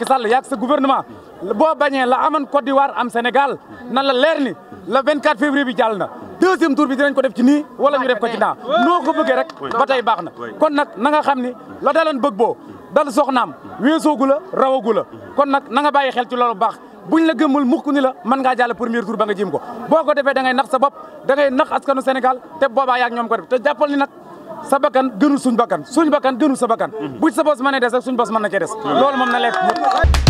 Macky Sall yaag sa gouvernement boo bañee la amoon Côte waar am Sénégal nan la leer la le 24 février bi jàll na deuxième tour bi dinañ ko def ci nii wala ñu def ko ci naa noo ko bëggee rek ba tey baax na kon nag na nga xam ni la daloon bëgg boo dal soxnaam weesoogu la rawagu la kon nag na nga bàyyi xel ci loolu baax buñ la gëmmul mukk ni la mën ngaa jàll premier tour ba nga jim ko boo ko defee da ngay nax sa bopp da ngay nax askanu Sénégal te boobaa yaag ñoom ko def te jàppal ni nag sa bakkan gënul suñ bakkan suñ bakkan gënul sa bakkan mm-hmm. bu ci sa bos mën a des rek suñ bos mën na ca des mm-hmm. loolu moom na leer